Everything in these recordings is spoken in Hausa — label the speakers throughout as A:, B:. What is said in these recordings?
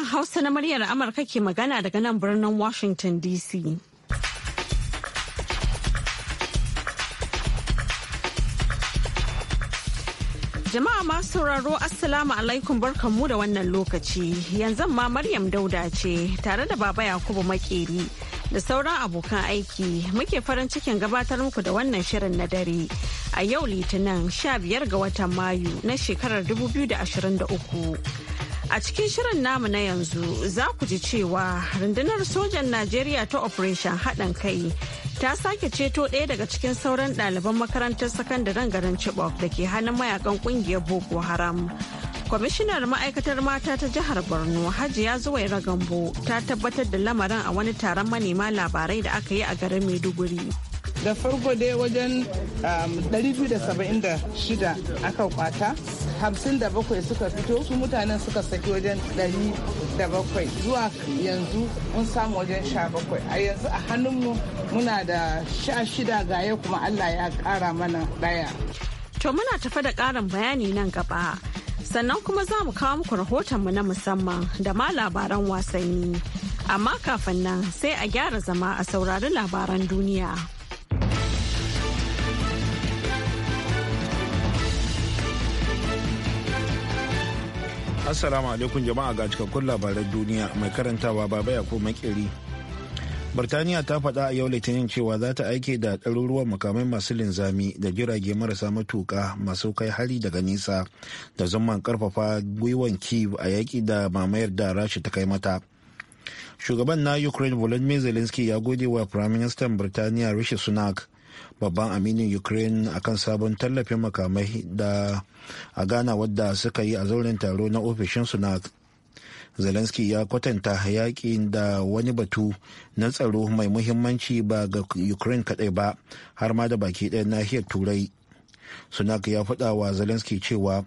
A: Sashen Hausa na muryar Amurka ke magana daga nan birnin Washington DC. Jama'a masu sauraro Assalamu alaikum barkanmu da wannan lokaci. Yanzu ma Maryam Dauda ce tare da Baba Yakubu Makeri da sauran abokan aiki muke farin cikin gabatar muku da wannan shirin na dare. A yau Litinin 15 ga watan Mayu na shekarar 2023. A cikin shirin namu na yanzu za ku ji cewa rundunar sojan Najeriya ta Operation haɗin kai ta sake ceto ɗaya daga cikin sauran ɗaliban makarantar sakandaren garin Chibok da ke hannun mayakan ƙungiyar Boko Haram. Kwamishinar ma'aikatar mata ta jihar Borno Hajiya Zuwai Ragambo ta tabbatar da lamarin a wani taron manema labarai da aka yi a garin Maiduguri.
B: da farko dai wajen 276 um, aka kwata hamsin da bakwai suka fito su mutanen suka saki wajen ɗari da bakwai zuwa yanzu mun samu wajen sha
A: bakwai a yanzu
B: a hannunmu muna da sha shida gaya kuma allah ya ƙara
A: mana ɗaya to muna tafa da ƙarin bayani nan gaba sannan kuma za mu kawo muku rahotonmu na musamman da ma labaran wasanni amma kafin nan sai a gyara zama a saurari labaran duniya.
C: Assalamu alaikum jama'a ga cikakkun labaran duniya mai karantawa baba ya ko makiri. Birtaniya ta faɗa a yau litinin cewa za ta aike da ɗaruruwan makamai masu linzami da jirage marasa matuƙa masu kai hari daga nisa da zaman karfafa gwiwan Kiev a yaƙi da mamayar da rashi ta kai mata. Shugaban na Ukraine Volodymyr Zelensky ya gode wa Firaministan Birtaniya Rishi Sunak babban aminin ukraine akan sabon tallafin makamai da a ghana wadda suka yi a zauren taro na ofishin na zelensky ya kwatanta yaƙi da wani batu na tsaro mai muhimmanci ba ga ukraine kaɗai ba har ma da baki ɗaya nahiyar turai sunak ya faɗa wa zelensky cewa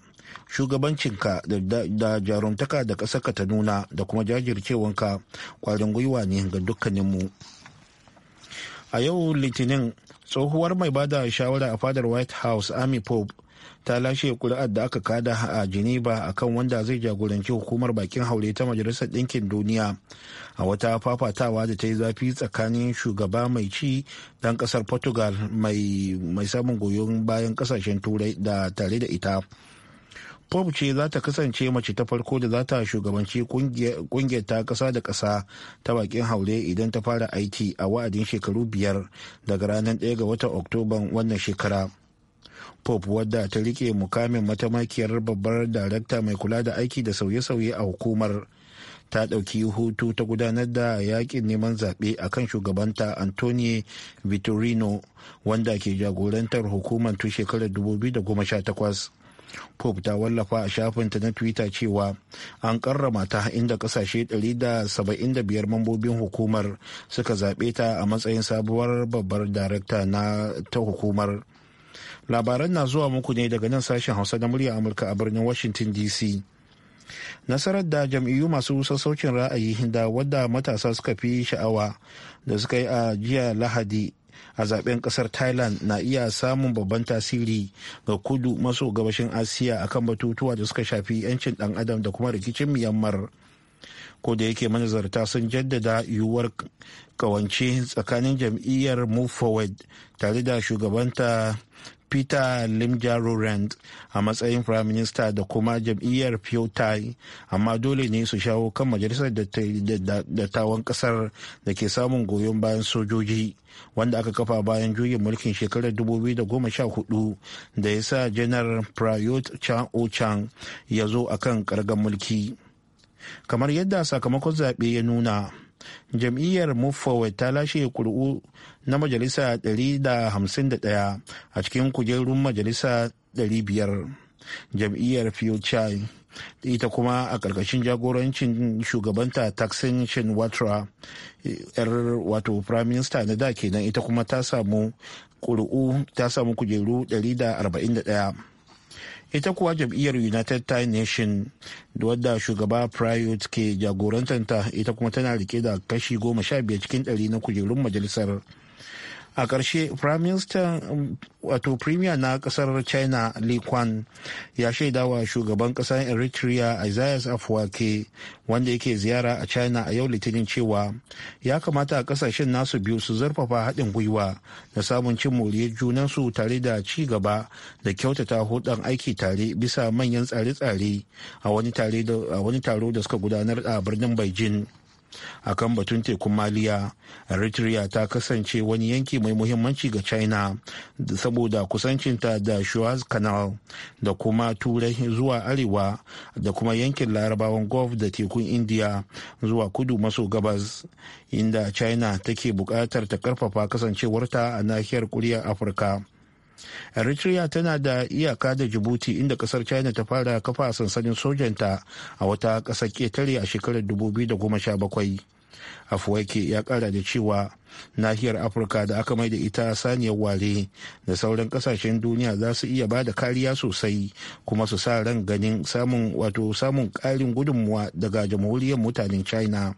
C: shugabancinka da jarumtaka da ƙasarka ta nuna da kuma jajircewanka ƙwarin gwiwa ne ga dukkaninmu a yau litinin tsohuwar mai bada shawara a fadar white house amy pope ta lashe kuri'ar da aka kada a geneva akan wanda zai jagoranci hukumar bakin haure ta majalisar ɗinkin duniya a wata fafatawa da ta yi zafi tsakanin shugaba mai ci dan kasar portugal mai samun goyon bayan kasashen turai da tare da ita Pope ce za ta kasance mace ta farko da za ta shugabanci kungiyar ta kasa da kasa ta bakin haure idan ta fara aiki a wa'adin shekaru biyar daga ranar 1 ga watan Oktoban wannan shekara. Pope wadda ta rike mukamin matamakiyar babbar darakta mai kula da aiki da sauye-sauye a hukumar ta ɗauki hutu ta gudanar da yakin neman zaɓe a kan shugabanta Antonio Vitorino wanda ke jagorantar hukumar tun shekarar 2018. pope ta wallafa a shafinta na twitter cewa an karrama ta inda kasashe 175 mambobin hukumar suka zaɓe ta a matsayin sabuwar babbar darakta na ta hukumar labaran na zuwa muku ne daga nan sashen hausa na murya amurka a birnin washington dc nasarar da jam'iyyu masu sassaucin ra'ayi da wadda matasa suka fi sha'awa da suka yi a jiya lahadi a zaben kasar thailand na iya samun babban tasiri ga kudu maso gabashin asiya akan batutuwa da suka shafi 'yancin dan adam da kuma rikicin myanmar ko da yake manazarta sun jaddada yiwuwar kawance tsakanin jam'iyyar move forward tare da shugabanta peter limjarorand a matsayin prime minister da kuma jam'iyyar pyotai amma dole ne su shawo kan majalisar dattawan kasar da ke samun goyon bayan sojoji wanda aka kafa bayan juyin mulkin shekarar 2014 da ya sa janar prayut chan o chan ya zo akan kargan mulki kamar yadda sakamakon zaɓe ya nuna jam'iyyar move ta lashe kuri'u na majalisa 151 a cikin kujerun majalisa 500 jam'iyyar future ita kuma a ƙarƙashin jagorancin shugabanta taksin watra yar wato prime minister na da kenan ita kuma ta samu ƙuri'u ta samu kujeru 141 ita kuwa jam'iyyar united thai nation da wadda shugaba priot ke jagorantanta ita kuma tana rike da kashi goma sha biyar cikin ɗari na kujerun majalisar a ƙarshe prime minister um, wato premier na ƙasar china li kwan ya shaidawa shugaban ƙasar eritrea isaias afwake wanda yake ziyara a china a yau litinin cewa ya kamata a ƙasashen nasu biyu su zarfafa haɗin gwiwa da samun cin moriyar junansu tare da ci gaba da kyautata hudun aiki tare bisa manyan tsare-tsare a wani taro da suka gudanar a birnin beijing a kan batun tekun maliya eritrea ta kasance wani yanki mai muhimmanci ga china saboda kusancinta da suez canal da kuma turai zuwa arewa da kuma yankin larabawan gulf da tekun india zuwa kudu maso gabas inda china take bukatar ta karfafa kasancewarta a nahiyar kuriyar afirka eritrea tana da iyaka da jibuti inda kasar china ta fara kafa sansanin sojanta a wata kasar ketare a shekarar 2017 afuwaike ya kara da cewa nahiyar afirka da aka mai da ita saniyar ware da sauran kasashen duniya za su iya ba da kariya sosai kuma su sa ran ganin samun wato samun karin gudunmuwa daga jamhuriyar mutanen china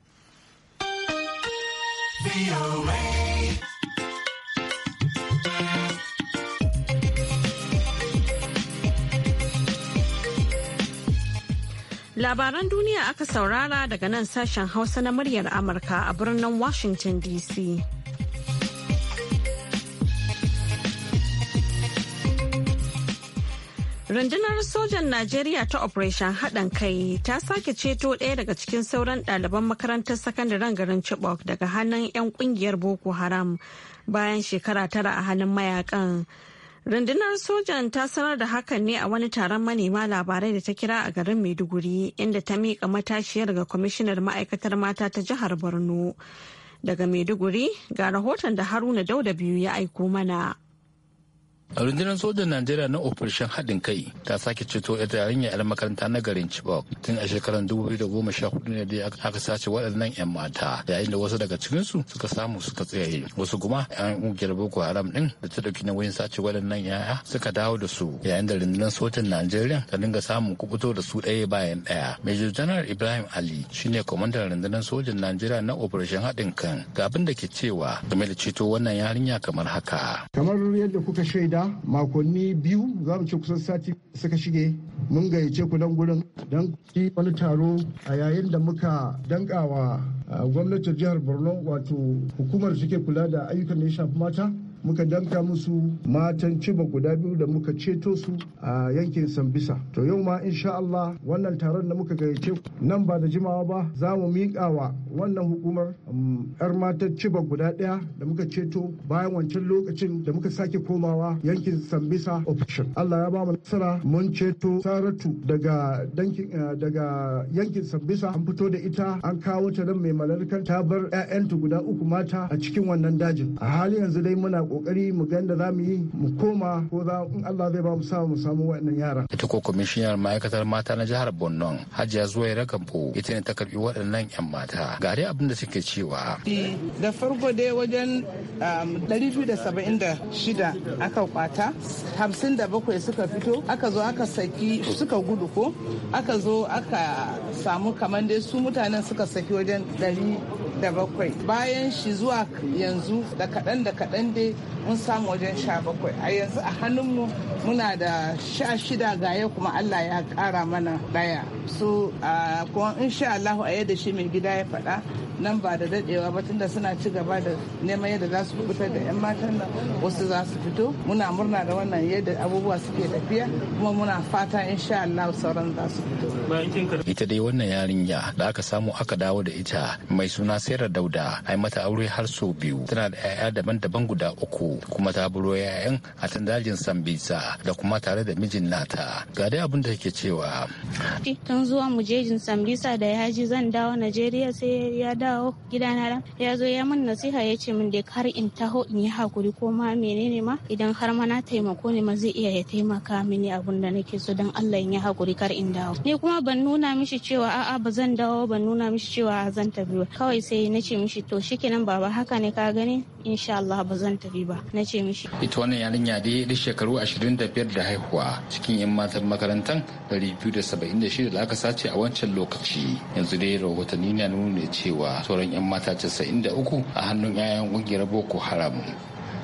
A: Labaran duniya aka saurara daga nan sashen Hausa na muryar Amurka a birnin Washington DC. Rundunar sojan Najeriya ta Operation haɗin kai ta sake ceto ɗaya daga cikin sauran ɗaliban makarantar sakandaren garin Chibok daga hannun 'yan ƙungiyar Boko Haram bayan shekara tara a hannun mayakan. Rundunar sojan ta sanar da hakan ne a wani taron manema labarai da ta kira a garin Maiduguri inda ta miƙa matashiyar ga kwamishinar ma'aikatar mata ta jihar Borno. Daga Maiduguri ga rahoton da Haruna Dauda biyu ya aiko mana.
D: A rundunar sojan najeriya na operation haɗin kai ta sake ceto ita yarinya 'yar makaranta na garin chibok tun a shekarar 2014 ne dai aka sace waɗannan 'yan mata yayin da wasu daga cikinsu suka samu suka tsaye wasu kuma 'yan ƙungiyar boko haram ɗin da ta ɗauki nauyin sace waɗannan 'ya'ya suka dawo da su yayin da rundunar sojan najeriya ta dinga samun kubuto da su ɗaya bayan ɗaya major general ibrahim ali shine kwamandan rundunar sojan najeriya na operation haɗin kan ga abin da ke cewa game da ceto wannan yarinya kamar haka
E: kamar yadda kuka shaida gida makonni biyu za mu ce kusan sati suka shige mun gayyace ku nan gurin don wani taro a yayin da muka dankawa ah, gwamnatin jihar borno wato hukumar suke kula da ayyukan da ya shafi mata muka danka musu matan ciba guda biyu da muka ceto su a yankin sambisa to yau ma insha Allah wannan taron da muka gayyace nan ba da jimawa ba za mu miƙa wa wannan hukumar yar um, matan ciba guda ɗaya da muka ceto bayan wancan lokacin da muka sake komawa yankin sambisa option Allah ya ba mu nasara mun ceto saratu daga uh, daga yankin sambisa an fito da ita an kawo ta nan mai malarkar ta bar 'ya'yanta guda uku mata a cikin wannan dajin a halin yanzu dai muna kokari mu ga yadda za mu yi mu koma ko za in Allah zai ba mu samu mu samu waɗannan yaran.
D: Ita ko kwamishinar ma'aikatar mata na jihar Borno Hajiya zuwai Gambo ita ne ta karbi waɗannan 'yan mata. Ga dai abin da suke cewa.
E: Da
B: farko dai wajen um, shida aka kwata hamsin da bakwai suka fito aka zo aka saki suka gudu ko aka zo aka samu kamar dai su mutanen suka saki wajen ɗari. da bakwai bayan shi zuwa yanzu da kaɗan da kaɗan dai mun samu wajen sha bakwai a yanzu a hannunmu muna da sha shida ga gaya kuma allah ya kara mana ɗaya so ah, kuma insha allahu a yadda shi mai gida ya faɗa nan ba da dadewa ba tunda suna ci gaba da neman yadda za su fitar da 'yan matan nan wasu za su fito muna murna da wannan yadda abubuwa suke tafiya kuma muna fata insha Allah sauran za su fito
D: ita dai wannan yarinya da aka samu aka dawo da ita mai suna Sarah Dauda ai mata aure har sau biyu tana da 'ya'ya daban-daban guda uku kuma ta buro 'ya'yan a tandajin Sambisa da kuma tare da mijin nata ga dai abin da take cewa
A: tun zuwa mujejin Sambisa da yaji zan dawo Najeriya sai ya dawo gidana ran ya zo ya min nasiha ya ce min dai har in taho in yi hakuri ko ma menene ma idan har ma na taimako ne ma zai iya ya taimaka mini abun da nake so dan Allah in yi hakuri kar in dawo ni kuma ban nuna mishi cewa a'a ba zan dawo ban nuna mishi cewa zan tafi ba kawai sai na ce mishi to shikenan baba haka ne ka gani insha Allah ba zan tafi ba na ce mishi ita
D: wannan yarinya dai da shekaru 25 da haihuwa cikin yan matan makarantan 276 da aka sace a wancan lokaci yanzu dai rahotanni na nuna cewa sauran 'yan mata 93 a hannun 'ya'yan ƙungiyar boko haram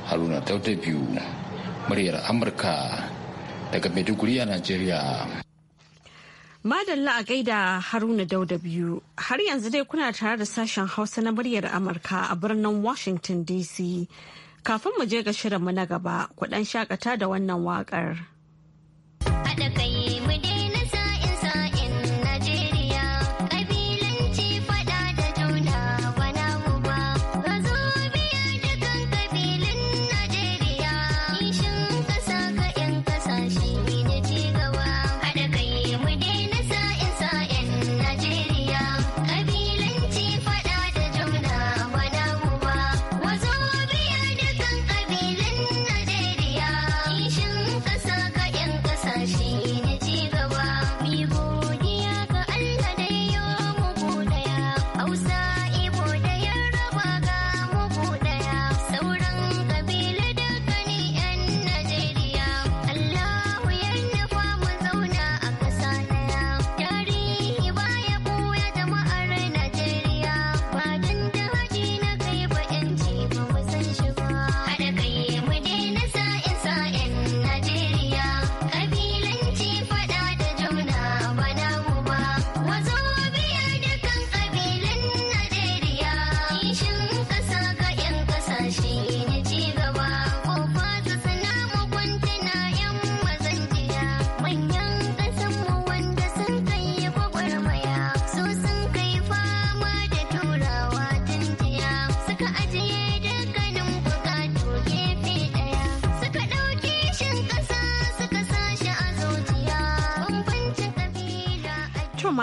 D: haruna tauta biyu muryar amurka daga maiduguri a najeriya
A: Madalla a gaida Haruna Dauda biyu har yanzu dai kuna tare da sashen Hausa na muryar Amurka a birnin Washington DC. Kafin mu je ga mu na gaba, kudan shakata da wannan waƙar.
F: Haɗa kai mu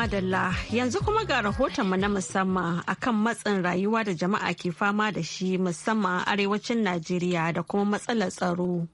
A: madalla yanzu kuma ga rahotonmu na musamman akan matsin rayuwa da jama'a ke fama da shi musamman a arewacin Najeriya da kuma matsalar tsaro.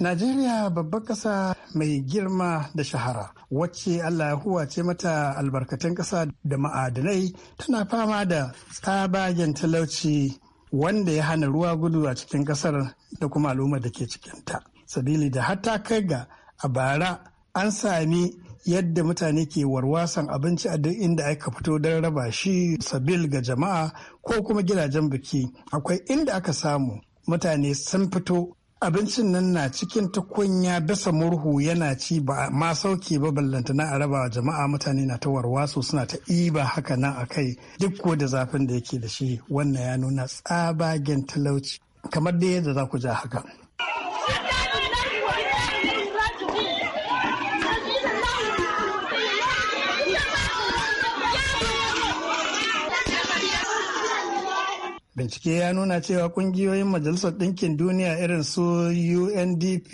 G: Najeriya babbar ƙasa mai girma da shahara wacce Allah ya huwa ce mata albarkatun ƙasa da ma'adanai tana fama da tsabagen talauci wanda ya hana ruwa gudu a cikin ƙasar da kuma al'ummar da ke cikinta. Sabili da hatta kai ga a bara an sami yadda mutane ke warwasan abinci a duk inda aka fito don raba shi sabil ga jama'a ko kuma gidajen biki akwai inda aka samu mutane sun fito abincin nan na cikin tukunya bisa murhu yana ci ba ma sauke ba na a raba jama'a mutane na ta warwaso suna ta iba haka nan a kai duk ko da zafin da yake da shi wannan ya nuna tsabagen talauci kamar da yadda za ku ja haka Bincike ya nuna cewa kungiyoyin Majalisar Ɗinkin Duniya irin su UNDP,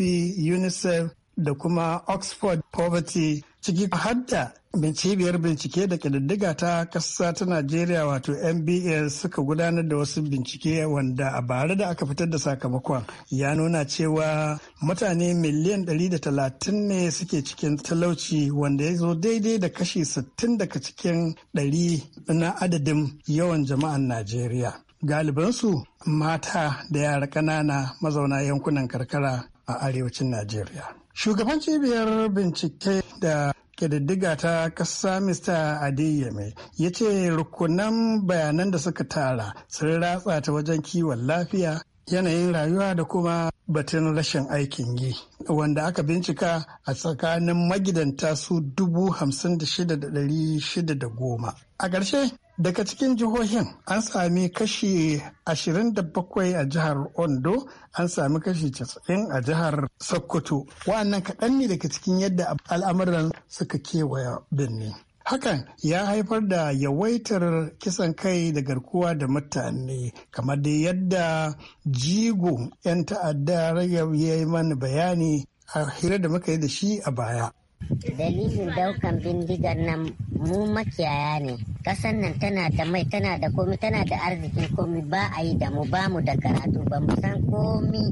G: UNICEF da kuma Oxford Poverty ciki hadda cibiyar bincike da ƙididdiga ta ƙasa ta Najeriya wato MBS suka gudanar da wasu bincike wanda a bara da aka fitar da sakamakon ya nuna cewa mutane miliyan 130 ne suke cikin talauci wanda ya zo daidai da kashi 60 daga cikin 100 na adadin yawan jama'an Najeriya. galibansu mata da yara ƙanana mazauna yankunan karkara a arewacin Najeriya. Shugaban cibiyar bincike da kididdiga ta ƙasa Mr. Adeyemi ya ce rukunan bayanan da suka tara sun ratsa ta wajen kiwon lafiya yanayin rayuwa da kuma batun rashin aikin yi wanda aka bincika a tsakanin magidanta su dubu hamsin da shida da goma. A ƙarshe Daga cikin jihohin an sami kashi 27 a jihar Ondo, an sami kashi 90 a jihar Sokoto. Wa'annan kaɗan ne daga cikin yadda al'amuran suka kewaya birni. Hakan ya haifar da yawaitar kisan kai da garkuwa da mutane kamar da yadda jigo 'yan ta'adda ya yi mana bayani a hira da muka yi da shi a baya.
F: Dalilin daukan bindigar nan mu makiyaya ne. Kasan nan tana da mai tana da komi tana da arzikin komi ba a yi da mu ba mu da karatu ba mu san komi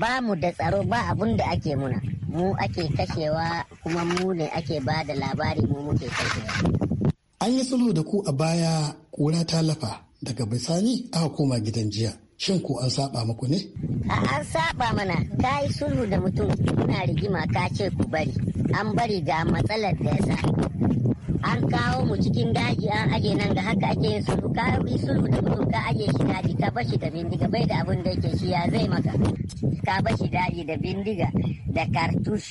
F: ba mu da tsaro ba abun da ake muna. Mu ake kashewa kuma mu ne ake ba da labari mu muke kashewa.
G: An yi sulhu da ku a baya kura ta lafa daga bisani aka koma gidan jiya. shin ko an saba muku ne?
F: An saba mana ka yi sulhu da mutum ina rigima ka ce ku bari an bari ga matsalar da ya sa. An kawo mu cikin daji an aje nan ga haka ake yin sulhu ka yi sulhu da mutum ka aje shi daji ka bashi da bindiga bai da abin da yake shi ya zai maka ka bashi daji da bindiga da kartush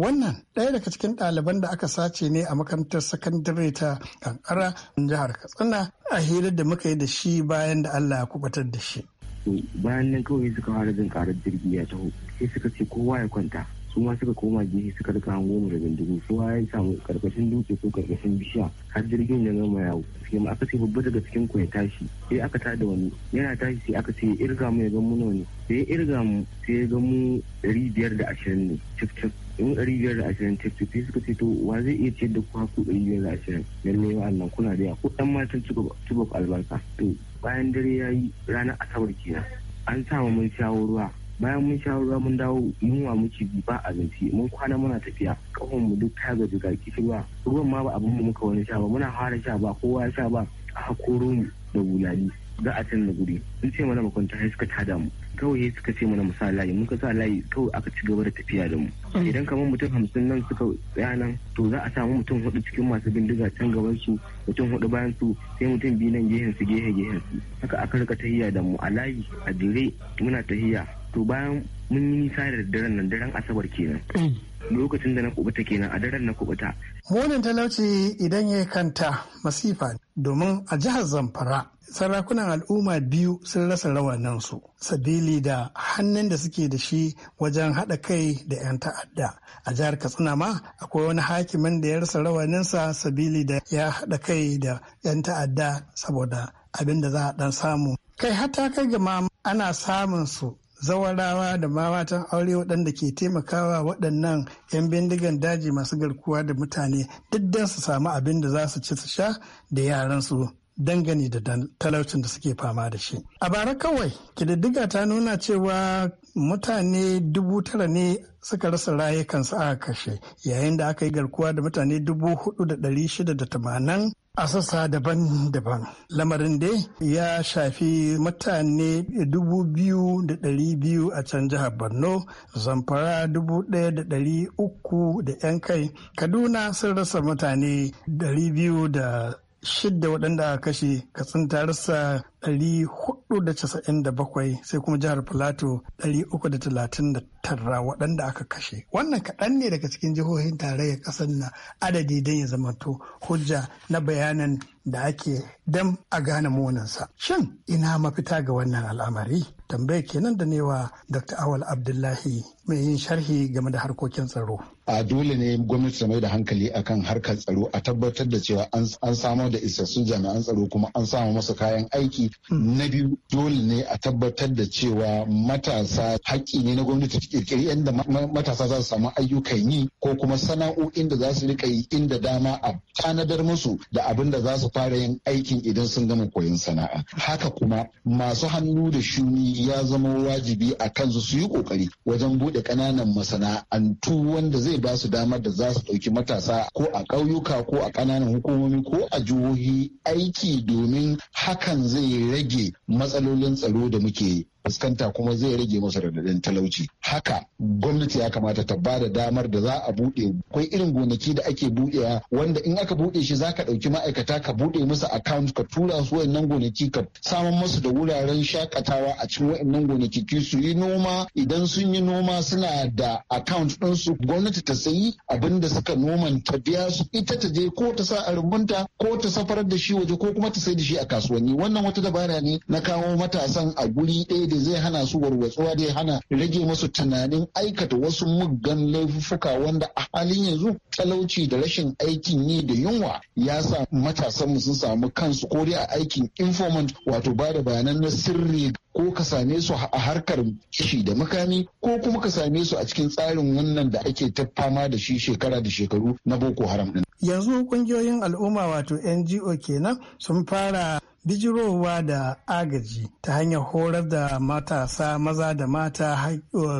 G: wannan ɗaya daga cikin ɗaliban da aka sace ne a makarantar sakandare ta kankara jihar katsina a hirar da muka yi da shi bayan da allah
H: ya kubatar da shi to bayan nan kawai suka fara jin karar jirgi ya taho sai suka ce kowa ya kwanta su ma suka koma gefe suka rika hango mu da su ma ya samu karkashin dutse ko karkashin bishiya har jirgin ya gama yawo sai ma aka ce babba daga cikin ku ya tashi sai aka tada wani yana tashi sai aka ce irga mu ya ga mu ne sai irga mu sai ya ga mu ɗari biyar da ashirin ne cif cif in ɗari biyar da ashirin cif cif sai suka ce to wa zai iya ciyar da ku haku ɗari biyar da ashirin lallai wa'annan kuna da ya ko ɗan matan tuba albarka to bayan dare ya yi ranar asabar kenan an samu mun shawo ruwa bayan mun sha ruwa mun dawo yunwa wa muke bi ba abinci mun kwana muna tafiya kafin mu duk ta gaji ga ruwa ruwan ma ba abin mu muka wani sha ba muna fara sha ba kowa ya sha ba a hakoro mu da bulali za a na guri sun ce mana makwanta sai suka tada mu kawai suka ce mana mu layi mun sa layi kawai aka ci gaba da tafiya da mu idan kamar mutum hamsin nan suka tsaya nan to za a samu mutum hudu cikin masu bindiga can gaban su mutum hudu bayan su sai mutum biyu nan gehen su gehe gehen su haka aka rika tahiya da mu a layi a dire muna tahiya to bayan mun yi nisa da daren nan daren asabar kenan mm. lokacin da na kubuta kenan a daren na kubuta
G: Munin talauci idan ya kanta masifa domin a jihar Zamfara sarakunan al'umma biyu sun rasa rawaninsu sabili da hannun da suke da shi wajen haɗa kai da 'yan ta'adda a jihar katsina ma akwai wani hakimin da ya rasa rawaninsa sabili da ya haɗa kai da 'yan ta'adda saboda abin da za a ɗan samu kai hata kai gama ana samun su zawarawa da mawatan aure waɗanda ke taimakawa waɗannan 'yan bindigan daji masu garkuwa da mutane duk su samu abin da za su ci su sha da yaransu dangane da talaucin da suke fama da shi. A bara kawai, kididdiga ta nuna cewa mutane dubu tara ne suka rasa rayukansu aka kashe yayin da aka yi garkuwa da mutane dubu hudu da dari shida da tamanin a sassa daban-daban. Lamarin dai ya shafi mutane dubu biyu a can jihar Borno, Zamfara dubu da uku da 'yan kai, Kaduna sun rasa mutane da shidda waɗanda aka kashe katsin ta rasa 497 sai kuma jihar plateau 339 waɗanda aka kashe wannan kaɗan ne daga cikin jihohin tarayyar ƙasar na adadi don ya zamanto hujja na bayanan da ake dam a gane monansa shin ina mafita ga wannan al'amari tambaya kenan da newa dr awal abdullahi mai yin sharhi game da harkokin tsaro
E: a dole ne gwamnati ta mai da hankali akan harkar tsaro a tabbatar da cewa an samar da isassun jami'an tsaro kuma an samu masa kayan aiki na biyu dole ne a tabbatar da cewa matasa haƙƙi ne na gwamnati ta kirkiri yadda matasa za su samu ayyukan yi ko kuma sana'o'in da za su rika yi inda dama a tanadar musu da abin da za su fara yin aikin idan sun gama koyon sana'a haka kuma masu hannu da shuni ya zama wajibi a kansu su yi kokari wajen buɗe ƙananan masana'antu wanda zai zai ba su damar da za su ɗauki matasa ko a ƙauyuka ko a ƙananan hukumomi ko a jihohi aiki domin hakan zai rage matsalolin tsaro da muke fuskanta kuma zai rage masa radadin talauci haka gwamnati ya kamata ta ba da damar da za a buɗe akwai irin gonaki da ake budewa wanda in aka buɗe shi zaka ka ɗauki ma'aikata ka buɗe musu account ka tura su wayannan gonaki ka samun musu da wuraren shakatawa a cikin wayannan gonaki su yi noma idan sun yi noma suna da account su gwamnati ta sayi abin da suka noman ta biya su ita ta je ko ta sa a rubunta ko ta safarar da shi waje ko kuma ta sai da shi a kasuwanni wannan wata dabara ne na kawo matasan a guri ɗaya da da zai hana su warwatsuwa da ya hana rage masu tunanin aikata wasu muggan laifuffuka wanda a halin yanzu talauci da rashin aikin yi da yunwa ya sa matasanmu sun samu kansu ko dai a aikin informant wato ba da bayanan na sirri ko ka same su a harkar kishi da makami ko kuma ka same su a cikin tsarin wannan da ake ta fama da shi shekara da shekaru na boko haram din
G: yanzu kungiyoyin al'umma wato ngo kenan sun fara bijirowa da agaji ta hanyar horar da matasa maza da mata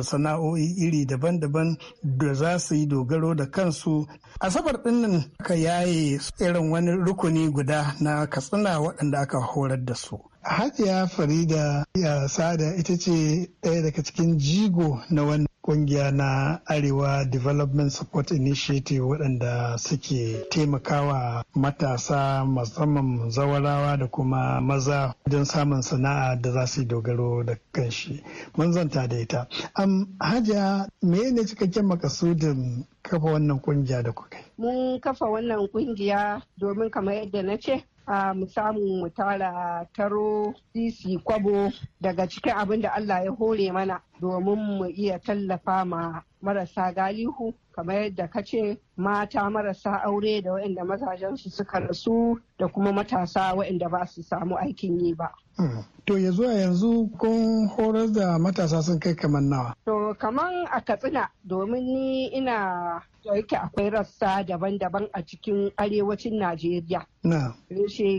G: sana'o'i iri daban-daban da za su yi dogaro da kansu asabar dinnan aka yaye irin wani rukuni guda na katsina waɗanda aka horar da su hajiya farida ya sada ita ce ɗaya daga cikin jigo na wani. kungiya na arewa development support initiative waɗanda suke taimakawa matasa musamman zawarawa da kuma maza don samun sana'a da za su yi dogaro da kanshi mun zanta da ita am hajiya me ne cikakken makasudin kafa wannan kungiya da kuka
I: mun kafa wannan kungiya domin kamar yadda na ce a mu samu mu tara taro sisi kwabo daga cikin abin da Allah ya hore mana domin mu iya tallafa ma marasa galihu kamar yadda ka ce mata marasa aure da waɗanda mazajensu suka rasu da kuma matasa waɗanda ba su samu aikin yi ba. Hmm. To ya
G: zuwa yanzu kun horar da matasa sun kai kamar nawa?
I: To kamar a Katsina domin ni ina yake akwai rassa daban-daban a cikin arewacin Najeriya. Na.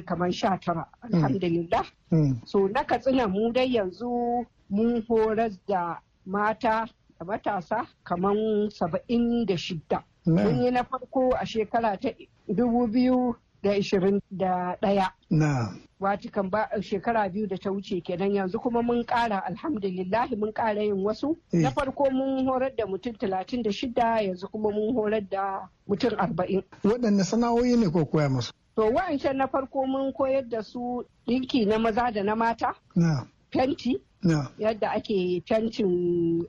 I: kamar sha tara, hmm. alhamdulillah. Hmm. So na Katsina mu dai yanzu mun horar da mata da matasa kamar saba'in da shida. Mun yi na farko a shekara ta dubu biyu da ishirin da ɗaya. Watikan ba shekara biyu da ta wuce kenan yanzu kuma mun ƙara alhamdulillahi mun ƙara yin wasu. Eh. Na farko mun horar da mutum talatin da shida yanzu kuma mun horar da
G: mutum arba'in. Waɗanne sana'o'i ne ko koya musu?
I: To wa'ancan na farko mun koyar da su ɗinki na maza da na mata. Fenti. yadda ake fentin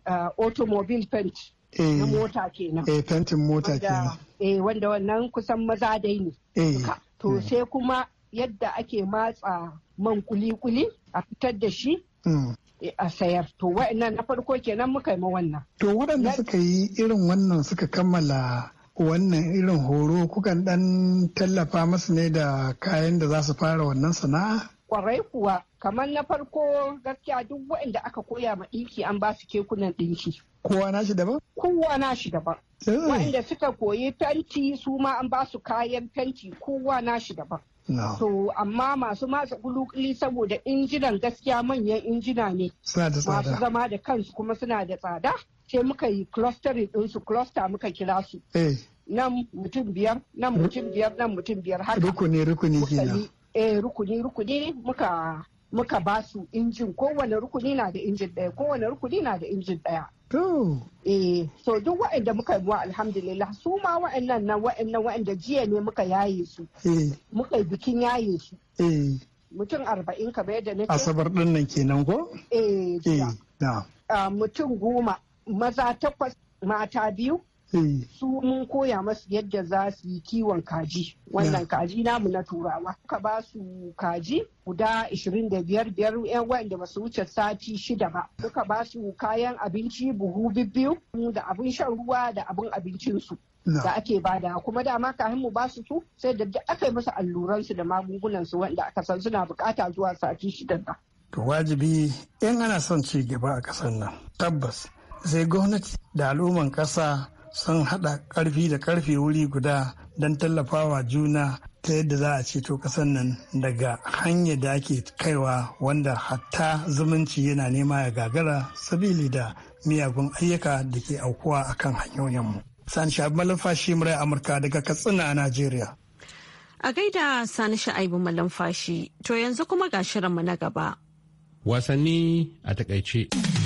I: uh, automobile paint na eh. mota kenan eh fentin mota kenan eh wanda wannan kusan maza dai ne eh. to hmm. sai kuma yadda ake matsa man kuli-kuli a fitar da shi hmm. eh, a sayar to wa'annan na farko kenan muka yi ma wannan to waɗanda suka
G: yi irin wannan suka kammala wannan irin horo kukan dan tallafa masu ne da kayan da za su fara wannan sana'a
I: kwarai kuwa kamar na farko gaskiya duk waɗanda aka koya ma ɗinki an ba su kekunan ɗinki kowa na shi daban kowa na shi daban eh. waɗanda suka koyi fenti su ma an ba su kayan fenti kowa na shi daban So amma masu matsa kulukuli saboda injinan gaskiya manyan injina ne. Masu zama da kansu kuma suna da tsada. Sai muka yi clustering ɗinsu cluster muka kira su. Eh. Nan mutum biyar, nan mutum biyar, nan mutum biyar haka. Rukuni rukuni kenan. Eh rukuni rukuni muka muka ba su injin kowane rukuni na da injin ɗaya kowane rukuni na da injin ɗaya. Eh, so duk waɗanda muka yi wa alhamdulillah su ma wa'in nan wa'in waɗanda jiya ne muka yaye su. Eh. Muka yi bikin yaye su. Eh. Mutum arba'in ka bayar da nake.
G: Asabar din nan kenan ko? Eh, jiya. Eh,
I: ah, mutum goma maza takwas mata biyu. su mun koya masu yadda za su yi kiwon kaji wannan kaji namu na turawa suka ba su kaji guda 25 biyar yan wanda ba su wuce sati shida ba suka ba su kayan abinci buhu biyu da abin shan ruwa da abin abincinsu da ake bada kuma dama kafin mu ba su su sai da aka yi musu alluransu da magungunansu wanda aka san suna bukata zuwa sati shida nan.
G: To wajibi in ana son ci gaba a kasar nan tabbas sai gwamnati da al'umman kasa sun haɗa ƙarfi da ƙarfe wuri guda don tallafawa juna ta yadda za a ceto ƙasar nan daga hanyar da ake kaiwa wanda hatta zumunci yana nema ya gagara sabili da miyagun ayyuka da ke aukuwa a kan hanyoyinmu. Sani Shabi Malamfashi murai Amurka daga Katsina a Najeriya.
A: A gaida Sani Sha'ibu Malamfashi, to yanzu kuma ga shirinmu na gaba.
D: Wasanni a takaice.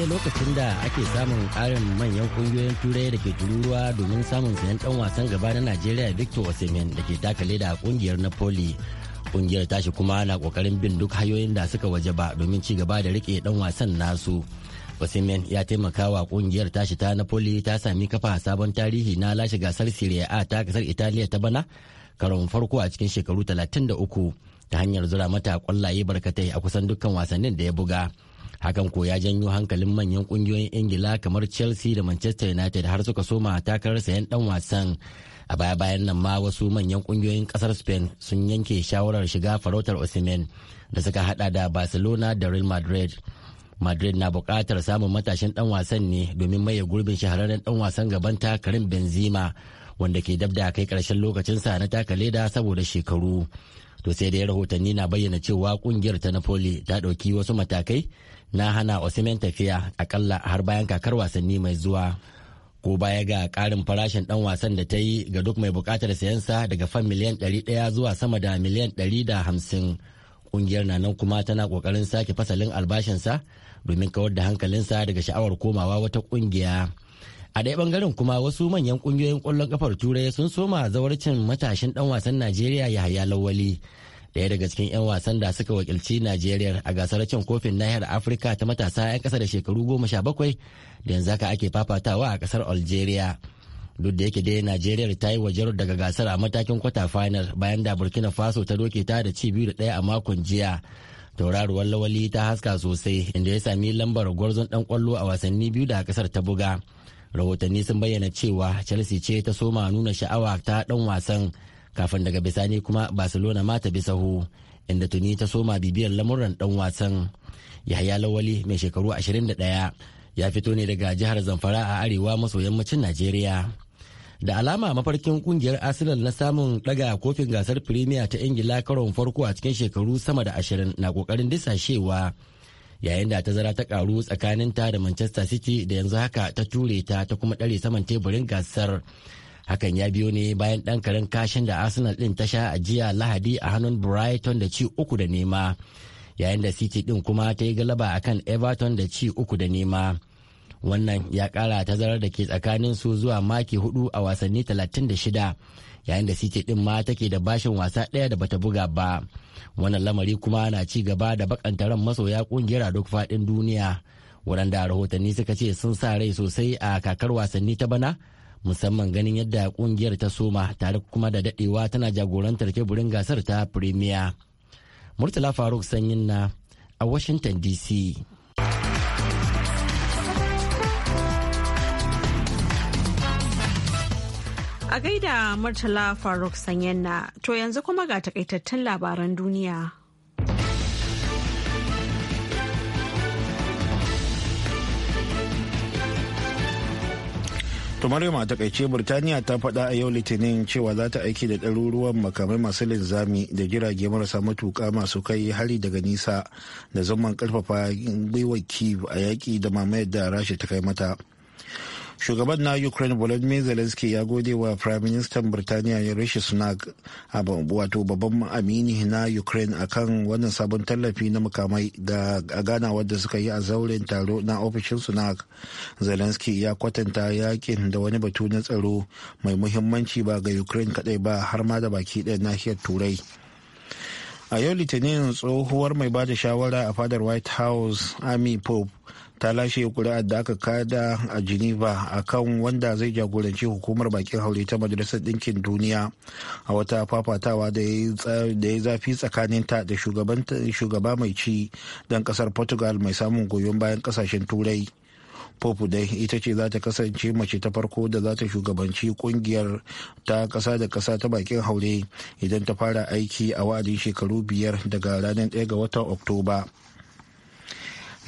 J: daidai lokacin da ake samun karin manyan kungiyoyin turai da ke tururuwa domin samun sayan dan wasan gaba na najeriya victor osimhen da ke taka leda a kungiyar napoli kungiyar tashi kuma na kokarin bin duk hanyoyin da suka waje ba domin ci gaba da rike dan wasan nasu osimhen ya taimaka wa kungiyar tashi ta napoli ta sami kafa sabon tarihi na lashe gasar serie a ta kasar italiya ta bana karon farko a cikin shekaru 33 ta hanyar zura mata kwallaye barkatai a kusan dukkan wasannin da ya buga. hakan ko ya janyo hankalin manyan kungiyoyin ingila kamar chelsea da manchester united har suka soma takarar sayan dan wasan a baya bayan nan ma wasu manyan kungiyoyin kasar spain sun yanke shawarar shiga farautar osimhen da suka hada da barcelona da real madrid madrid na bukatar samun matashin dan wasan ne domin maye gurbin shahararren dan wasan gaban karim benzema wanda ke dabda kai karshen lokacinsa na taka leda saboda shekaru to sai dai rahotanni na bayyana cewa kungiyar ta napoli ta dauki wasu matakai na hana osimen tafiya akalla har bayan kakar wasanni mai zuwa. Ko baya ga ƙarin farashin ɗan wasan da ta yi ga duk mai buƙatar sayansa daga fan miliyan 100 zuwa sama da miliyan 150. Ƙungiyar na nan kuma tana kokarin sake fasalin albashinsa domin kawar da hankalinsa daga sha'awar komawa wata ƙungiya. a ɗaya bangaren kuma wasu manyan ƙungiyoyin ƙwallon kafar turai sun soma zawarcin matashin ɗan wasan najeriya yahaya lawali daya daga cikin 'yan wasan da suka wakilci najeriya a gasar cin kofin nahiyar afirka ta matasa 'yan kasa da shekaru goma sha bakwai da yanzu haka ake fafatawa a kasar algeria duk da yake dai najeriya ta yi wajen daga gasar a matakin kwata final bayan da burkina faso ta doke ta da ci biyu da ɗaya a makon jiya tauraruwar lawali ta haska sosai inda ya sami lambar gwarzon dan kwallo a wasanni biyu da kasar ta buga rahotanni sun bayyana cewa chelsea ce ta soma nuna sha'awa ta dan wasan kafin daga bisani kuma barcelona ma ta bi sahu inda tuni ta soma bibiyar lamuran dan wasan yahaya lawali mai shekaru 21 ya fito ne daga jihar zamfara a arewa maso yammacin najeriya da alama mafarkin kungiyar arsenal na samun daga kofin gasar premier ta ingila karon farko a cikin shekaru sama da ashirin na kokarin disashewa yayin da tazara ta karu tsakaninta da manchester city da yanzu haka ta ture ta ta kuma dare saman teburin gasar hakan ya biyo ne bayan ɗan karen kashin da arsenal ɗin ta sha a jiya lahadi a hannun brighton da ci uku da nema yayin da city ɗin kuma ta yi galaba akan everton da ci uku da nema wannan ya ƙara tazarar da ke tsakanin su zuwa maki hudu a wasanni talatin da shida yayin da city ɗin ma take da bashin wasa ɗaya da bata buga ba wannan lamari kuma na ci gaba da bakanta ran masoya kungiyar duk faɗin duniya waɗanda rahotanni suka ce sun sa rai sosai a kakar wasanni ta bana musamman ganin yadda kungiyar ta soma tare kuma da dadewa tana jagorantar teburin gasar ta premier murtala faruk sanyin na a washington dc
A: a gaida murtala faruk sanyin na to yanzu kuma ga takaitattun labaran duniya
C: to maryam a takaice birtaniya ta faɗa a yau litinin cewa za ta aiki da ɗaruruwan makamai masu linzami da jirage marasa matuƙa masu kai hari daga nisa da zaman karfafa gwiwar kiev a yaƙi da mamayar da rasha ta kai mata shugaban na ukraine volodymyr zelensky ya gode wa prime minister birtaniya rishi sunak wato babban amini na ukraine akan wannan sabon tallafi na mukamai da a gana wadda suka yi a zauren taro na ofishin sunak zelensky ya kwatanta yakin da wani batu na tsaro mai muhimmanci ba ga ukraine kadai ba har ma da baki ɗaya nahiyar turai a yau litinin tsohuwar mai bada shawara a fadar white house amy pope ta lashe kuri'ar da aka kada a geneva a kan wanda zai jagoranci hukumar bakin haure ta majalisar ɗinkin duniya a wata fafatawa da ya zafi tsakaninta da shugaba mai ci don ƙasar portugal mai samun goyon bayan ƙasashen turai popu dai ita ce za ta kasance mace ta farko da za ta shugabanci kungiyar ta kasa da kasa ta bakin haure idan ta fara aiki a wa'adin shekaru biyar daga ranar 1 ga watan oktoba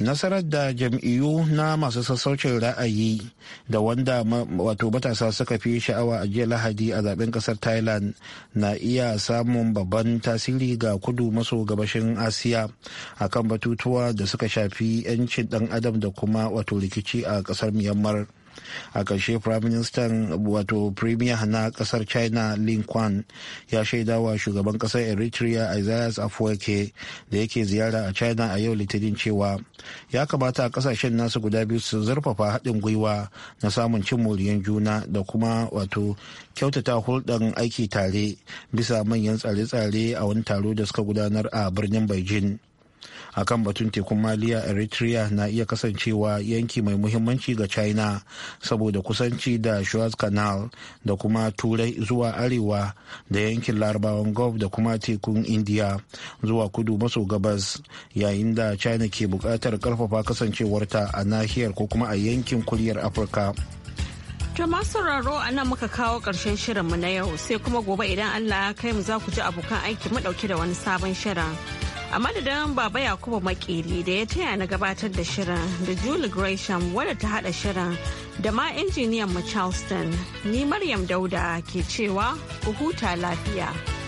C: nasarar da jam'iyyu na masu sassaucin ra'ayi da wanda wato matasa suka fi sha'awa a jiya lahadi a zaben kasar thailand na iya samun babban tasiri ga kudu maso gabashin asiya akan batutuwa da suka shafi 'yancin dan adam da kuma wato rikici a kasar myanmar a ƙarshe firaministan wato premier na ƙasar china lin kwan ya shaida wa shugaban ƙasar eritrea isaias afwerki da yake ziyara a china a yau litinin cewa ya kamata a ƙasashen nasu guda biyu su zurfafa haɗin gwiwa na samun cin moriyan juna da kuma wato kyautata hulɗan aiki tare bisa manyan tsare-tsare a wani taro da suka gudanar a birnin beijing a kan batun tekun maliya eritrea na iya kasancewa yanki mai muhimmanci ga china saboda kusanci da suez canal da kuma turai zuwa arewa da yankin larabawan gulf da kuma tekun india zuwa kudu maso gabas yayin da china ke bukatar karfafa kasancewarta a nahiyar ko kuma a yankin kuryar afirka
A: To masu sauraro a nan muka kawo ƙarshen shirinmu na yau sai kuma gobe idan Allah ya kai mu za ku ji abokan aiki mu ɗauke da wani sabon shirin. a madadin baba yakubu makeri da ya taya na gabatar da shirin da julie gresham wadda ta hada shirin da ma injiniyan mu charleston ni maryam dauda ke cewa ku huta lafiya.